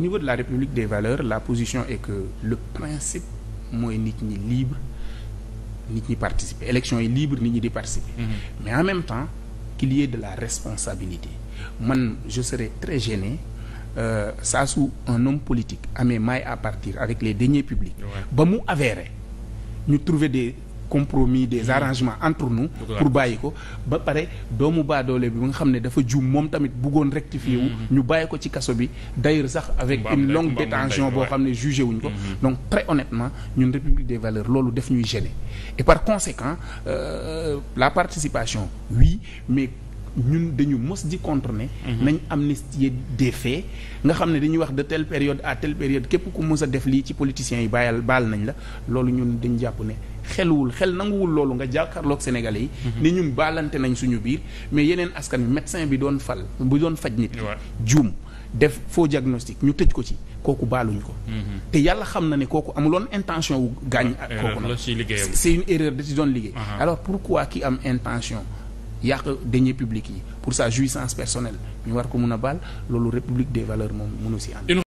au niveau de la République des valeurs la position est que le principe mooy nit ñi libre nit ñi participer élection yi libre nit ñi di participer. Mmh. mais en même temps qu'il y ait de la responsabilité man je serais très gêné euh, saa su un homme politique amee maille à partir avec les deniers publics. ba ouais. mu avéré ñu trouver des. compromis des mm. arrangements entre nous pour bàyyi ko ba pare doomu baadoole bi ba nga xam ne dafa juum moom tamit bëggoon rectifier wu mm-hmm. ñu bàyyi ko ci kaso bi d'ailleurs sax avec une longue détention boo xam ne jugé wuñ ko mm-hmm. donc très honnêtement ñun république des valeur loolu def ñuy gêner et par conséquent euh, la participation oui mais ñun dañu mos di contre ne mm-hmm. nañ amnistier des faits nga xam ne dañuy wax de telle période à telle période képp ku mos a def lii ci politiciens yi bàyyal baal nañ la loolu ñun dañ jàpp ne xeluwul xel nanguwul loolu nga jàkkaarloog sénégalais yi mhm. ni ñun baalante nañ suñu biir mais yeneen askan wi médecin bi doon fal bu doon faj nit juum def faux diagnostic ñu tëj ko ci kooku baaluñ ko mhm. te yàlla xam na ne kooku amuloon intention wu gaañ kooku nag c'est une erreur da ci doon liggéey alors pourquoi ki am intention yàq deniers publics yi pour sa jouissance personnelle ñu war ko mun a baal loolu république des valeurs moom mënu si ànd